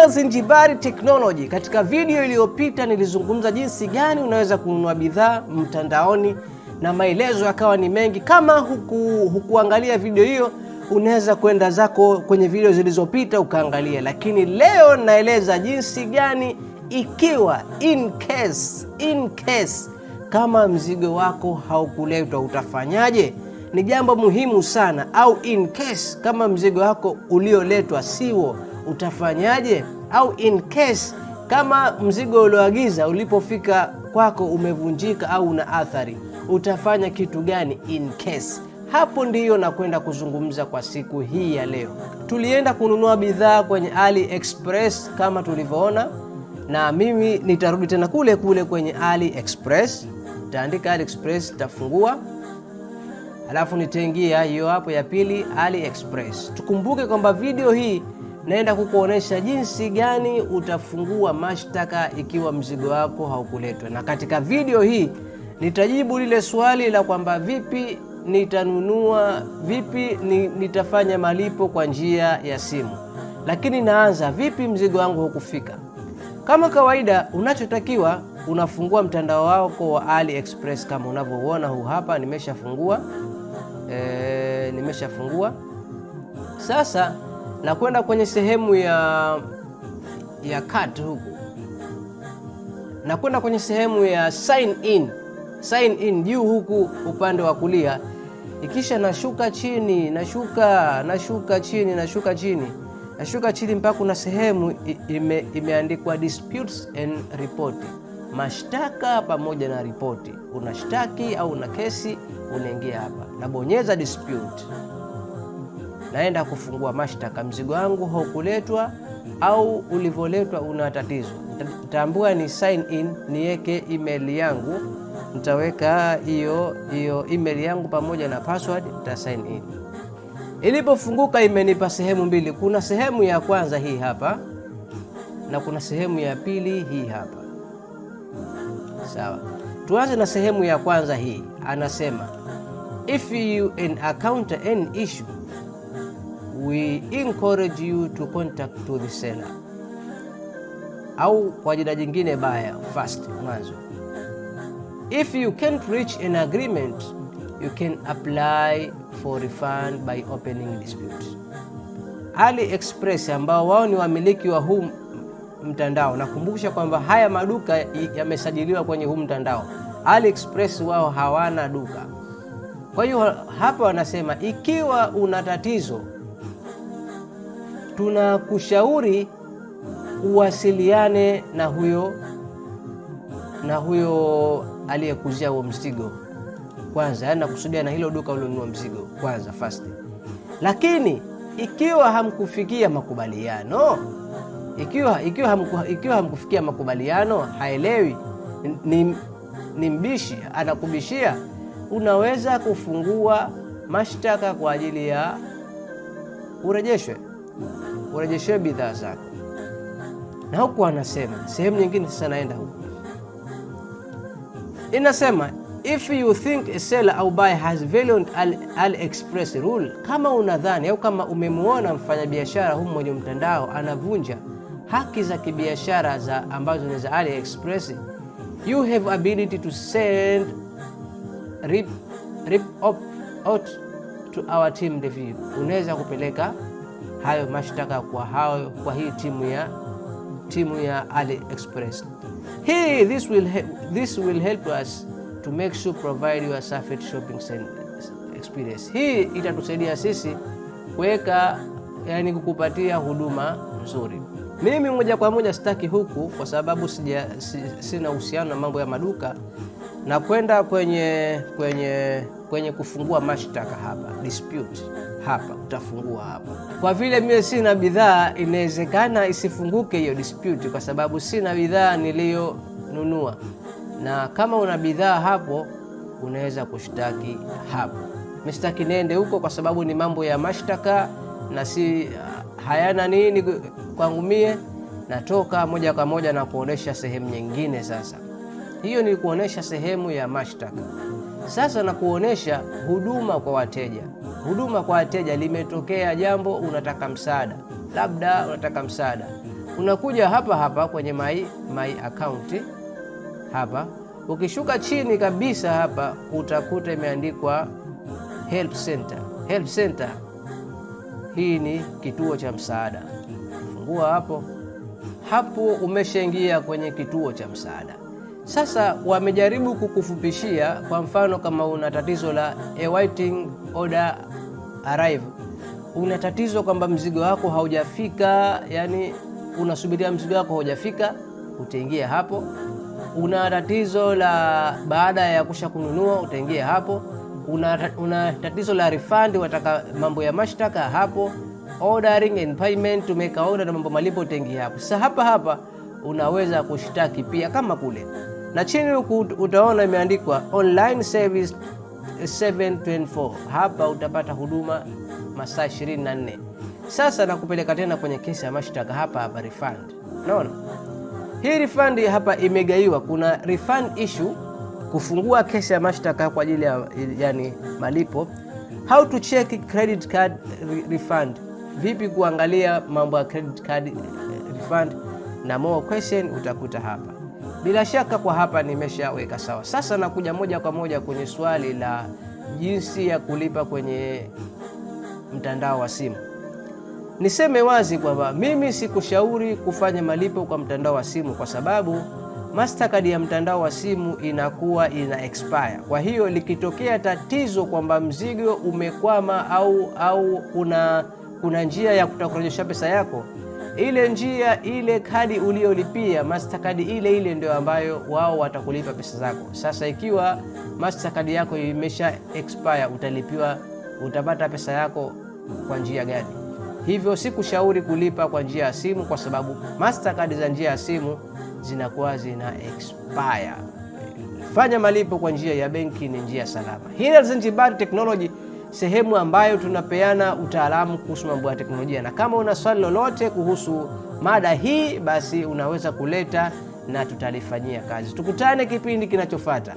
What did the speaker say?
ya Zinjibari Technology. Katika video iliyopita nilizungumza jinsi gani unaweza kununua bidhaa mtandaoni na maelezo yakawa ni mengi. Kama huku, hukuangalia video hiyo unaweza kwenda zako kwenye video zilizopita ukaangalia, lakini leo naeleza jinsi gani ikiwa in case, in case kama mzigo wako haukuletwa utafanyaje? Ni jambo muhimu sana. Au in case kama mzigo wako ulioletwa siwo utafanyaje? Au in case kama mzigo ulioagiza ulipofika kwako umevunjika au una athari, utafanya kitu gani in case? Hapo ndiyo nakwenda kuzungumza kwa siku hii ya leo. Tulienda kununua bidhaa kwenye AliExpress kama tulivyoona, na mimi nitarudi tena kule kule kwenye AliExpress. Taandika AliExpress, tafungua alafu nitaingia hiyo hapo ya pili AliExpress. Tukumbuke kwamba video hii naenda kukuonesha jinsi gani utafungua mashtaka ikiwa mzigo wako haukuletwa, na katika video hii nitajibu lile swali la kwamba vipi nitanunua, vipi nitafanya malipo kwa njia ya simu. Lakini naanza vipi, mzigo wangu hukufika. Kama kawaida, unachotakiwa unafungua mtandao wako wa AliExpress kama unavyoona huu hapa, nimeshafungua e, nimeshafungua sasa na kwenda kwenye sehemu ya ya cut huku na kwenda kwenye sehemu ya sign in, sign in juu huku upande wa kulia, ikisha nashuka chini, nashuka nashuka chini, nashuka chini, nashuka chini mpaka kuna sehemu ime, imeandikwa disputes and report, mashtaka pamoja na ripoti. Una shtaki au una kesi, unaingia hapa, nabonyeza dispute naenda kufungua mashtaka, mzigo wangu haukuletwa au ulivyoletwa una tatizo. tambua ni sign in, niweke email yangu, nitaweka hiyo hiyo email yangu pamoja na password, nita sign in. Ilipofunguka imenipa sehemu mbili, kuna sehemu ya kwanza hii hapa na kuna sehemu ya pili hii hapa. Sawa, tuanze na sehemu ya kwanza hii, anasema if you encounter an issue we encourage you to contact to the seller, au kwa jina jingine baya first mwanzo. If you can't reach an agreement you can apply for refund by opening dispute. Ali Express ambao wao ni wamiliki wa huu mtandao, nakumbusha kwamba haya maduka yamesajiliwa kwenye huu mtandao. Ali Express wao hawana duka. Kwa hiyo hapa wanasema ikiwa una tatizo tunakushauri uwasiliane na huyo na huyo aliyekuzia huo mzigo kwanza, yani nakusudia na hilo duka ulionunua mzigo kwanza first. Lakini ikiwa hamkufikia makubaliano ikiwa, ikiwa, hamku, ikiwa hamkufikia makubaliano, haelewi ni, ni mbishi anakubishia, unaweza kufungua mashtaka kwa ajili ya urejeshwe urejeshewe bidhaa zako. Na huku anasema sehemu nyingine, sasa naenda huku, inasema if you think a seller or buyer has violated AliExpress rule, kama unadhani au kama umemwona mfanyabiashara humu mwenye mtandao anavunja haki za kibiashara za ambazo ni za AliExpress, you have ability to send rip, rip up, out to our team review, unaweza kupeleka hayo mashtaka kwa hayo kwa hii timu ya timu ya Ali Express. Hii this will this will help us to make sure provide you a safe shopping experience. Hii itatusaidia sisi kuweka yani kukupatia huduma nzuri. Mimi moja kwa moja sitaki huku kwa sababu sija, si, sina uhusiano na mambo ya maduka na kwenda kwenye, kwenye, kwenye kufungua mashtaka hapa, dispute hapa, utafungua hapa. Kwa vile mie sina bidhaa, inawezekana isifunguke hiyo dispute, kwa sababu sina bidhaa niliyonunua, na kama una bidhaa hapo unaweza kushtaki hapo. Mistaki nende huko, kwa sababu ni mambo ya mashtaka na si uh, hayana nini kwangu mie. Natoka moja kwa moja na kuonesha sehemu nyingine sasa. Hiyo ni kuonesha sehemu ya mashtaka. Sasa na kuonesha huduma kwa wateja. Huduma kwa wateja, limetokea jambo, unataka msaada, labda unataka msaada, unakuja hapa hapa kwenye my, my account hapa. Ukishuka chini kabisa hapa utakuta imeandikwa help center. Help center hii ni kituo cha msaada. Fungua hapo hapo, umeshaingia kwenye kituo cha msaada. Sasa wamejaribu kukufupishia, kwa mfano kama una tatizo la awaiting order arrive, una tatizo kwamba mzigo wako haujafika, yani unasubiria mzigo wako haujafika, utaingia hapo. Una tatizo la baada ya kusha kununua, utaingia hapo. Una, una tatizo la refund, wataka mambo ya mashtaka hapo. Ordering and payment, to make order na mambo malipo, utaingia hapo. Sasa hapa hapa unaweza kushtaki pia kama kule na chini huku utaona imeandikwa online service 724. Hapa utapata huduma masaa 24. Sasa nakupeleka tena kwenye kesi ya mashtaka hapa hapa refund. Unaona hii refund hapa imegaiwa, kuna refund issue, kufungua kesi ya mashtaka kwa ajili ya yani malipo. How to check credit card refund, vipi kuangalia mambo ya credit card eh, refund na more question utakuta hapa. Bila shaka kwa hapa nimeshaweka sawa. Sasa nakuja moja kwa moja kwenye swali la jinsi ya kulipa kwenye mtandao wa simu. Niseme wazi kwamba mimi sikushauri kufanya malipo kwa mtandao wa simu kwa sababu Mastercard ya mtandao wa simu inakuwa ina expire. Kwa hiyo likitokea tatizo kwamba mzigo umekwama au au kuna kuna njia ya kutakurejesha pesa yako ile njia ile kadi uliolipia Mastercard ile ile ndio ambayo wao watakulipa pesa zako. Sasa ikiwa Mastercard yako imesha expire, utalipiwa utapata pesa yako kwa njia gani? Hivyo sikushauri kulipa kwa njia ya simu, kwa sababu Mastercard za njia ya simu zinakuwa zina expire. Fanya malipo kwa njia ya benki, ni njia salama. Hii Alzenjbary Technology sehemu ambayo tunapeana utaalamu kuhusu mambo ya teknolojia, na kama una swali lolote kuhusu mada hii, basi unaweza kuleta na tutalifanyia kazi. Tukutane kipindi kinachofuata.